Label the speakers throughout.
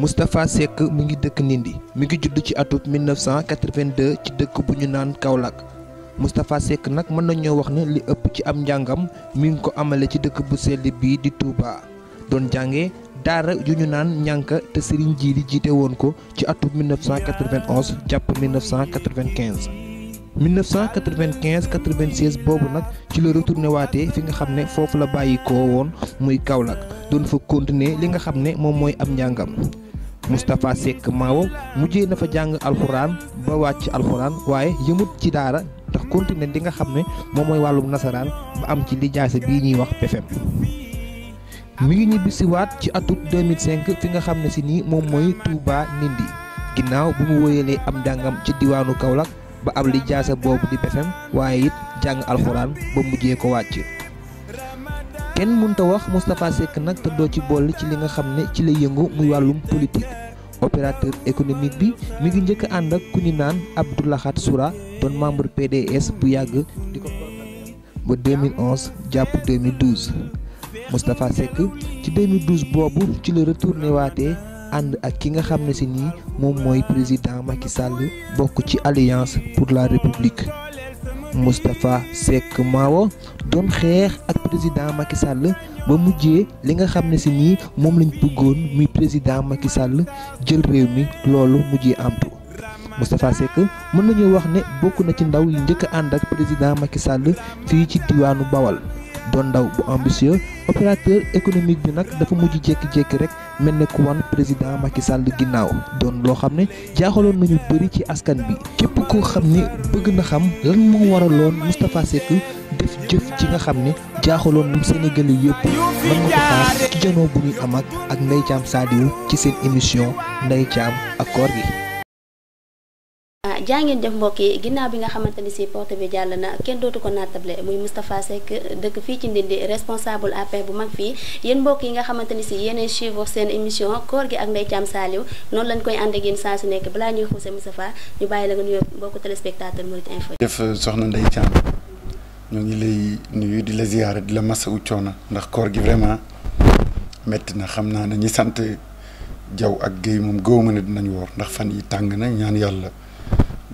Speaker 1: Moustapha Seck mu ngi dëkk Nindi mi ngi judd ci atub 1982 ci dëkk bu ñu naan Kaolack Moustapha Seck nag mën nañoo wax ne li ëpp ci am njàngam mi ngi ko amale ci dëkk bu sell bii di Touba doon jànge daara yu ñu naan ñànka te Serigne Djily jiite woon ko ci atub 1991 jàpp 1995. 1995 96 boobu nag ci la retourné waatee fi nga xam ne foofu la bàyyi ko woon muy Kaolack doon fa continuer li nga xam ne moom mooy am njàngam. Moustapha Seck Maawo mujjee na fa jàng alxuraan ba wàcc alxuraan waaye yëmut ci daara ndax continué di nga xam ne moom mooy wàllum nasaraan ba am ci lijaase bii ñuy wax PFM. mu ngi ñibbisiwaat ci atum 2005 fi nga xam ne si nii moom mooy Touba Nindi ginnaaw bi mu wóyalee am jàngam ci diwaanu Kaolack ba am lijaase boobu di PFM waaye it jàng alxuraan ba mujjee ko wàcc. kenn mënta wax mustapha Seck nak te do ci bol ci li nga xam ci lay yëngu muy walum politique opérateur économique bi mi ngi ñëk and ak ku ñu naan Abdou Lahat Soura don membre PDS bu yagg diko ba 2011 japp 2012 mustapha Seck ci 2012 bobu ci le retourné waté and ak ki nga xam ci ni mom moy président Macky Sall bok ci alliance pour la république mustapha Seck Mawo don xex ak président Macky Sall ba mujjee li nga xam ne si nii moom lañ bëggoon muy président Macky Sall jël réew mi loolu mujjee amtu ke Seck mën nañu wax ne bokk na ci ndaw ak président Macky Sall ci Bawal doon ndaw bu ambitieux opérateur économique bi nag dafa mujj jékki-jékki rek mel na ku wan président Macky Sall ginnaaw doon loo xam ne jaaxaloon nañu bëri ci askan bi képp koo xam ne bëgg na xam lan moo waraloon Moustapha Seck def jëf ji nga xam ne jaaxaloon nam Sénégalais yëpp mën nga ko xaar ci janoo bu ñuy am ak Ndeye Thiam Sadio ci seen émission Ndeye Thiam ak koor gi
Speaker 2: Ah, jaa ngeen jëf mbokk yi ginnaaw bi nga xamante ni si porte bi jàll na kenn dootu ko naatable muy Moustapha Seck dëkk fii ci Ndindi responsable APR bu mag fii yéen mbokk yi nga xamante ni si yéenay suivre seen émission koor gi ak Ndeye Thiam Saliou noonu lañ koy ànd ak yéen saa su nekk balaa ñuy xuuse Moustapha ñu bàyyi la nga nuyoo mbokku téléspectateur Mourides Info.
Speaker 3: jëf soxna Ndeye Thiam ñu ngi lay nuyu di la ziyaara di la masawu coono ndax koor gi vraiment métti na xam naa ne ñi sant jaww ak géy moom ma ne dinañ woor ndax fan yi tàng na ñaan yàlla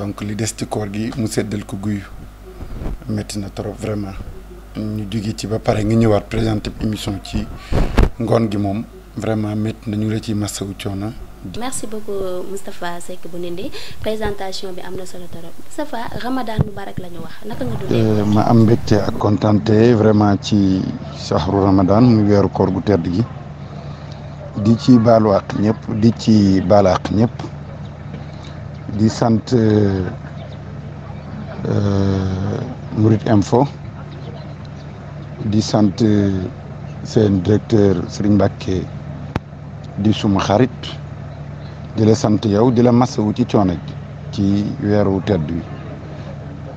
Speaker 3: donc li dess ci koor gi mu seddal ko guyu metti na trop vraiment ñu jóge ci ba pare nga ñëwaat présenter émission ci ngone gi mom vraiment metti na ñu la ci masawu coono.
Speaker 2: merci beaucoup Mustapha, Seck Bounindi présentation bi amna solo trop Moustapha Ramadan Mubarak lañu wax naka nga
Speaker 3: dundee. Eh, ma am mbégte ak contenté vraiment ci sahru Ramadan mu weeru koor gu tedd gi di ci baalu ñëpp di ci baal ñëpp. di euh Murid Info di sante eh, sen directeur Serigne Mbacké di suma xarit di la sante yow di la wu ci coono ci wéru tedd wi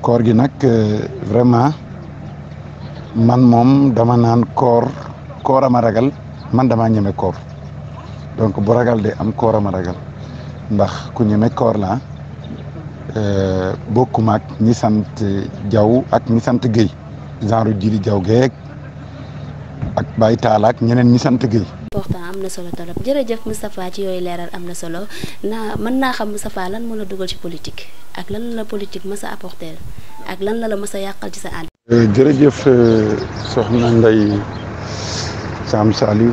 Speaker 3: koor gi nak eh, vraiment man mom dama nan koor koor ama ragal man dama ñëmé koor donc bu ragal de am koor ama ragal ndax ku ñeme koor la euh, bokkuma ak ñi sant Jaw ak ñi sant Géy genre jiri Jaw geeg ak baay Talla ñeneen ñi sant Géy
Speaker 2: important am na solo torop jërëjëf Moustapha ci yooyu leeral am na solo naa mën naa xam Moustapha lan moo la dugal ci politique ak lan la politique mës a apporter ak lan la la mës a yàqal ci sa ànd.
Speaker 3: Euh, jërëjëf euh, soxna Ndey sa Saliou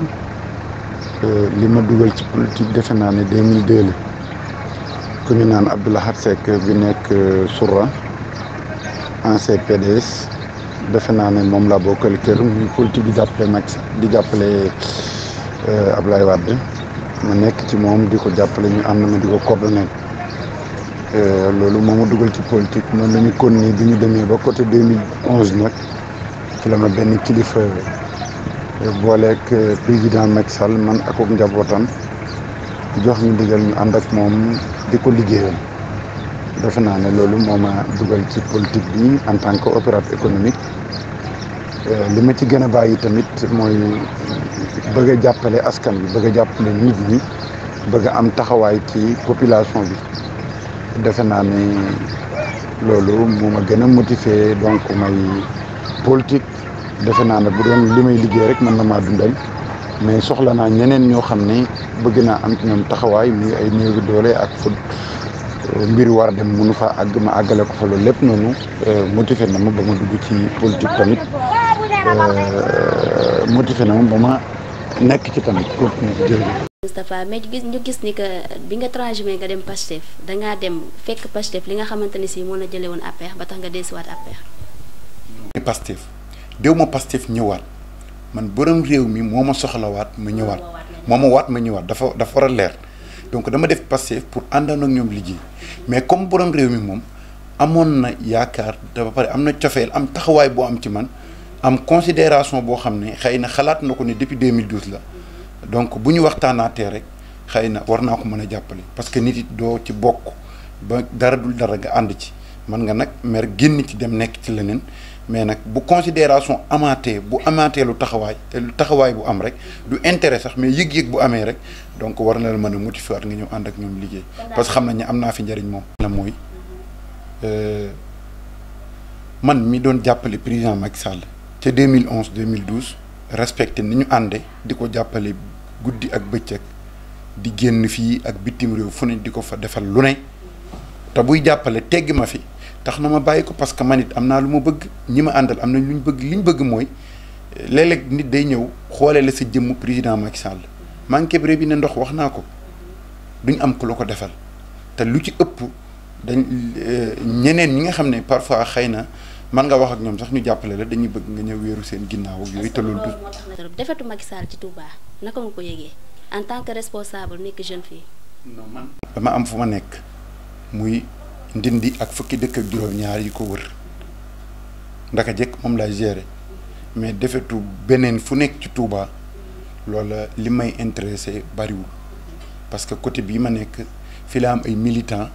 Speaker 3: li ma dugal ci politique defe naa ne 2002 la. ku ñu naan Abdou Lahad Seck bi nekk euh, Sourah ancien PDS defe naa ne moom laa bokkal kër muy politique di jàppale Macky di jàppale euh, Ablaye Wade ma nekk ci moom di ko jàppale ñu ànd ma di ko coordonné euh, loolu moom ma dugal ci politique noonu la ñu kon nii bi ñu demee ba côté 2011 nag ci la ma benn kilifa booleeg président Macky Sall man ak njabootam. jox ñu ndigal ñu ànd ak moom di ko liggéeyal defe naa ne loolu moo ma dugal ci politique bi en tant que opérateur économique euh, li ma ci gën a bàyyi tamit mooy bëgg a jàppale askan bi bëgg a jàppale nit ñi bëgg a am taxawaay ci population bi defe naa ne loolu moom a gën a motivé donc may politique defe naa ne bu doon li may liggéey rek mën na maa dundal mais soxla naa ñeneen ñoo xam ne bëgg naa am ci ñoom taxawaay muy ay néew doole ak fu euh, mbir war dem mënu fa àgg ma àggale ko fa loolu lépp noonu euh, motivé na ma ba ma dugg ci politique tamit euh, motivé na ma ma nekk ci tamit jërëjëf.
Speaker 2: Moustapha mais gis ñu gis ni que bi nga transhumé nga dem Pastef dangaa dem fekk Pastef li nga xamante ni si moo la jëlee woon APR ba tax nga deesiwaat APR.
Speaker 3: Pastef déw ma Pastef ñëwaat. man borom réew mi moma soxla wat ma ñëwaat moma wat ma ñëwaat dafa dafa wara leer donc dama def passé pour andan ak ñom liggéey mais comme borom réew mi mom amon na yaakar dafa pare am na am taxaway bo am ci man am considération bo xam xeyna na xalaat na depuis 2012 la donc buñu ñu waxtaanaatee rek xeyna na war naa ko mën a parce que nit it doo ci bokk ba dara dul dara nga ci man nga nak mer génn ci dem nek ci lenen mais nak bu considération amanté bu amanté, lu amanté lu taxaway bu am rek du intérêt mais bu donc war na la motiver nga ñu ak parce que xam nañ fi euh, man mi président Macky Sall 2011 2012 respecté ni ñu andé diko jappalé goudi ak di génn fi ak bitim fi tax na ma bàyyi ko parce que man it am naa lu ma bëgg ñi ma àndal am nañ lu ñu bëgg li ñu bëgg mooy léeg nit day ñëw xoolee la sa jëmm président Macky Sall manqué bi bi ne ndox wax naa ko duñ am ku la ko defal te lu ci ëpp dañ euh, ñeneen ñi nga xam ne parfois xëy na man nga wax ak ñoom sax ñu jàppale la dañuy bëgg nga ñëw wéeru seen ginnaaw ak yooyu te loolu
Speaker 2: du. defetu Macky Sall ci Touba naka nga ko yëgee en tant que responsable nekk jeune fille. non
Speaker 3: dama am fu ma nekk muy. ndindi ak fukki dëkk ak juróom-ñaar yi ko wër ndaka jekk moom laa gérer mais defetu beneen fu nekk ci Touba loola li may intéressé bariwul parce que côté bii ma nekk fi laa am ay militant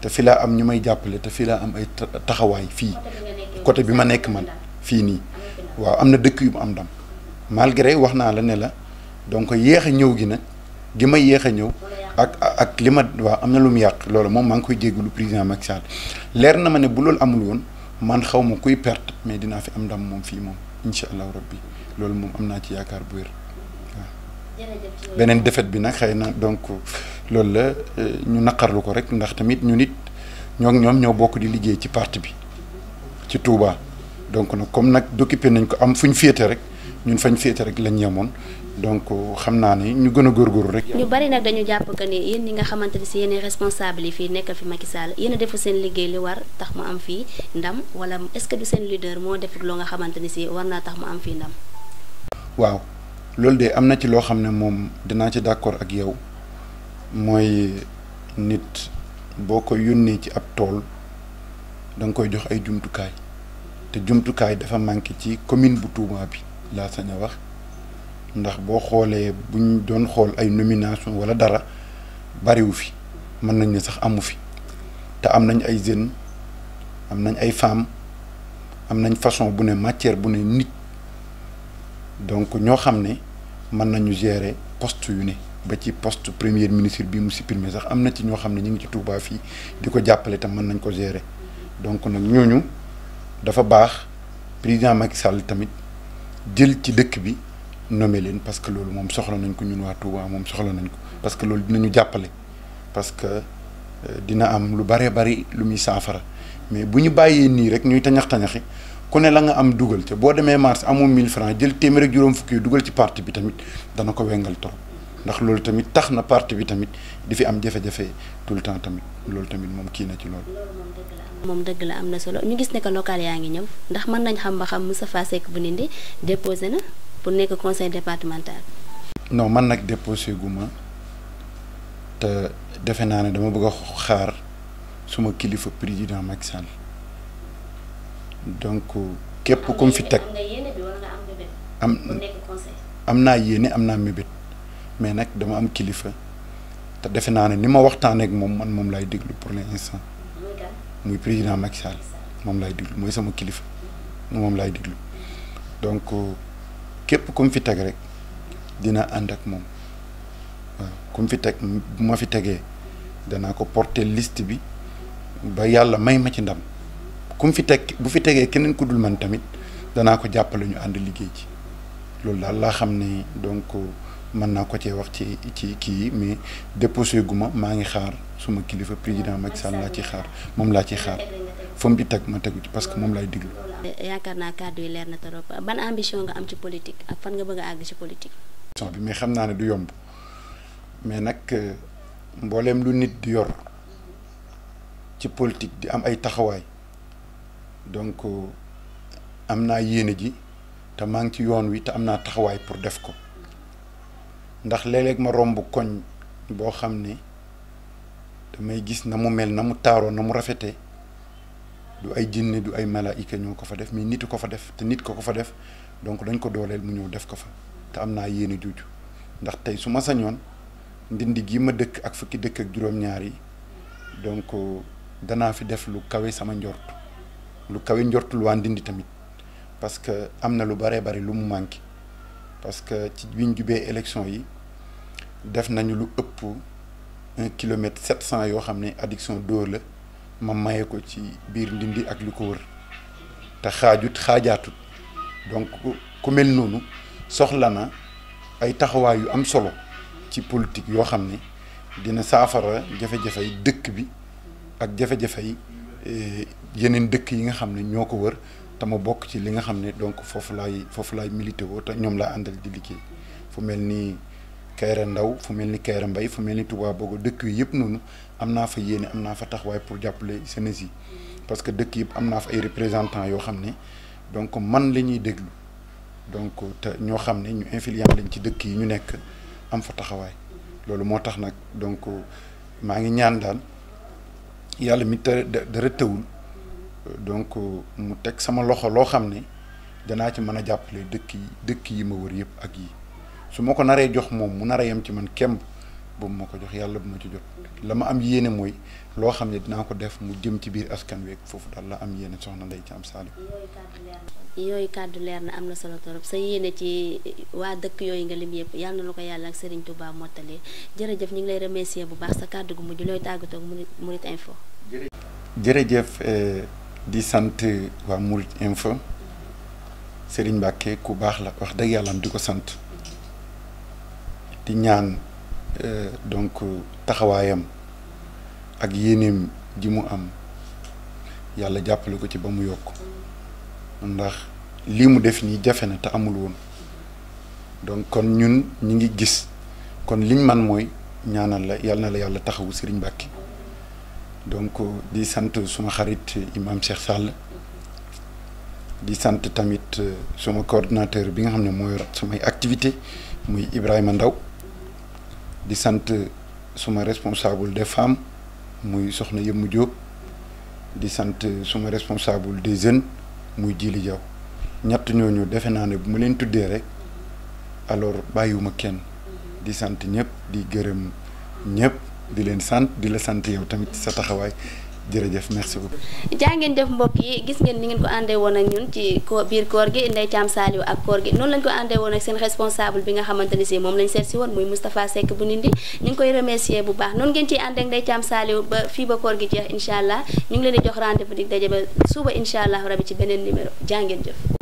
Speaker 3: te fi laa am ñu may jàppale te fi laa am ay taxawaay fii côté bi ma nekk man fii nii waaw am na dëkk yu mu am ndam malgré wax naa la ne la donc yéex a ñëw gi nag gi may yéex a ñëw ak ak li ma waaw am na lu mu yàq loolu moom maa ngi koy jéggalu président Macky Sall leer na ma ne bu loolu amul woon man xaw ma kuy perte mais dinaa fi am ndam moom fii moom incha allahu rabbi loolu moom am naa ci yaakaar bu wér waaw beneen défaite bi nag xëy na donc loolu la euh, ñu naqarlu ko rek ndax tamit ñu nit ñoo ñoom ñoo bokk di liggéey ci parti bi ci Touba donc nag comme nag d'occupé nañ ko am fu ñu féete rek ñun fañ féete rek lañ yemoon donc xam naa ni ñu gën a góorgóorlu rek. ñu
Speaker 2: bari nag dañu jàpp que ni yéen ñi nga xamante ne si yéen responsable yi fii nekk fi Macky Sall yéen a deful seen liggéey war tax mu am fii ndam wala est-ce que du seen leader moo deful loo nga xamante ni si war naa tax mu am
Speaker 3: loolu de am na ci loo xam ne moom dinaa ci d'accord ak yow mooy nit boo ko yónnee ci ab tool da koy jox ay jumtukaay te jumtukaay dafa manqué ci commune bu Touba bi. la sañ wax ndax bo xolé buñ doon xol ay nomination wala dara wu fi man nañ ne sax amu fi femmes am nañ façon bu matière donc ño avons man nañu gérer poste yu poste premier ministre bi mu supprimer sax amna ci ño ngi ci Touba tam donc on ñooñu dafa baax président Macky Sall tamit. jël ci dëkk bi nommé leen parce que loolu moom soxla nañ ko ñun waa Touba moom soxla nañ ko parce que loolu dinañu jàppale parce que euh, dina am lu bare bari lu muy saafara mais bu ñu bàyyee nii rek ñuy tañax tañaxi ku ne la nga am dugal te boo demee mars amoo 1000 francs jël téeméer ak juróom fukki dugal ci parti bi tamit dana ko wengal trop. ndax loolu tamit tax na parti bi tamit di fi am jafe-jafe tout le temps tamit loolu tamit moom kii na ci loolu.
Speaker 2: moom dëgg la am na solo ñu gis ne que local yaa ngi ñëw ndax mën nañ xam ba xam Moustapha Seck bu Ndindy déposé na pour nekk conseil départemental.
Speaker 3: non man nag déposé gu ma te defe naa ne dama bëgg a xaar suma kilifa président Macky Sall donc képp ku fi teg am am naa yéene am naa mébét. mais nag dama am kilifa te defe naa ne ni ma waxtaanee ak moom man moom lay déglu pour l'instant muy président Macky Sall moom lay diglu mooy sama kilifa mm-hmm. moom lay déglu donc euh, képp ku mu fi teg rek dina ànd ak moom waaw ku mu fi teg bu ma fi tegee danaa ko porter list bi ba yàlla may ma ci ndam ku mu fi teg bu fi tegee keneen ku dul man tamit danaa ko jàppale ñu ànd liggéey ci loolu daal laa xam ni donc. Euh, mën naa ko cee wax ci ci kii yi mais déposé gu maa ngi xaar suma kilifa président oh, Macky Sall laa ci xaar moom laa ci xaar fa mu teg ma tegu ci parce que moom laay diglu. yaakaar
Speaker 2: naa kàddu ci politique ak fan nga bëgg a àgg ci
Speaker 3: bi mais xam naa ne du yomb mais nag euh, mbooleem lu nit di yor ci politique di am ay taxawaay donc euh, am naa yéene ji te maa ngi ci yoon wi te am naa taxawaay pour def ko. ndax léeg-léeg ma romb koñ boo xam ne damay gis na mu mel na mu taaroo na mu rafetee du ay jinne du ay malaayika ñoo ko fa def mais nit ko fa def te nit ko ko fa def donc dañ ko dooleel mu ñëw def ko fa te am naa yéene juuju ndax tey su ma sañoon ndindi gi ma dëkk ak fukki dëkk ak juróom-ñaar yi donc euh, danaa fi def lu kawe sama njort lu kawe njortul waa ndindi tamit parce que am na lu baree bari lu mu manqué parce que ci biñ jubee élection yi def nañu lu ëpp 1 km 700 yo xamné addiction dóor la ma mayé ko ci biir ndindi ak lu ko wër te xaajut xaajaatut donc ku mel noonu soxla na ay taxawa yu am solo ci politique yo xamné dina saafara jafé jafé dëkk bi ak jafé jafey eh, yeneen dëkk yi nga xamné ñoko wër te bok ci li nga xamné donc fofu lay fofu lay milité woo ta ñom la andal di liké fu melni Kayra Ndaw fu melni Kayra Mbay fu melni Touba Bogo dekk yi yëpp nonu amna fa yéene amna fa taxawaay pour jàppale senesi parce que dekk yi amna fa ay représentants yo xamné donc man la déglu donc ta ño xamné ñu influent lañ ci dekk yi ñu nek am fa taxaway lolu moo tax donc ma ngi ñaan dal yalla mi de tëwul donc euh, mu teg sama loxo loo xam ne danaa ci man a jàppale dëkk yi dëkk yi ma wër yëpp ak yi su ma ko naree jox moom mu naree yem ci man kemb boobu ma ko jox yàlla bu ma ci jot la ma am yéene mooy loo xam ne dinaa ko def mu jëm ci biir askan week foofu daal la am yéene soxna Ndeye Thiam Salim
Speaker 2: yooyu kàddu leer na am na solo torop sa yéene ci waa dëkk yooyu nga lim yëpp yàlla na ko yàlla ak Serigne Touba mottali jërëjëf ñu ngi lay remercier bu baax sa kàddu
Speaker 3: di sante wa mourid Info Serigne Mbacké ku bax la wax deug yalla di diko sante di ñaan euh, donc taxawayam ak yeneem ji mu am yalla jappal ko ci ba yok ndax li mu def ni jafena ta amul won donc kon ñun ñi ngi gis kon liñ man moy ñaanal la yalla na la yalla taxawu Serigne Mbacké donc euh, di sont suma imam Cheikh Sall di sante tamit euh, suma coordinateur bi nga xamne activité Ibrahima Ndaw di sante suma responsable des femmes muy Soxna di sante suma responsable des jeunes muy djili Diaw ñatt ñooñu qui Nous bu leen rek alors kenn di sante ñep di di leen sant di la sant yow tamit sa taxawaay jërëjëf merci beaucoup.
Speaker 2: jaa ngeen def mbokk yi gis ngeen ni ngeen ko àndee woon ak ñun ci biir koor gi Ndeye Thiam Saliou ak koor gi noonu lañ ko àndee woon ak seen responsable bi nga xamante ni si moom lañ seet si woon muy Moustapha Seck bu nindi ñu ngi koy remercier bu baax noonu ngeen ciy àndee ak Ndeye Thiam Saliou ba fii ba koor gi jeex incha allah ñu ngi leen di jox rendez-vous di daje ba suba incha ci beneen numéro jaa ngeen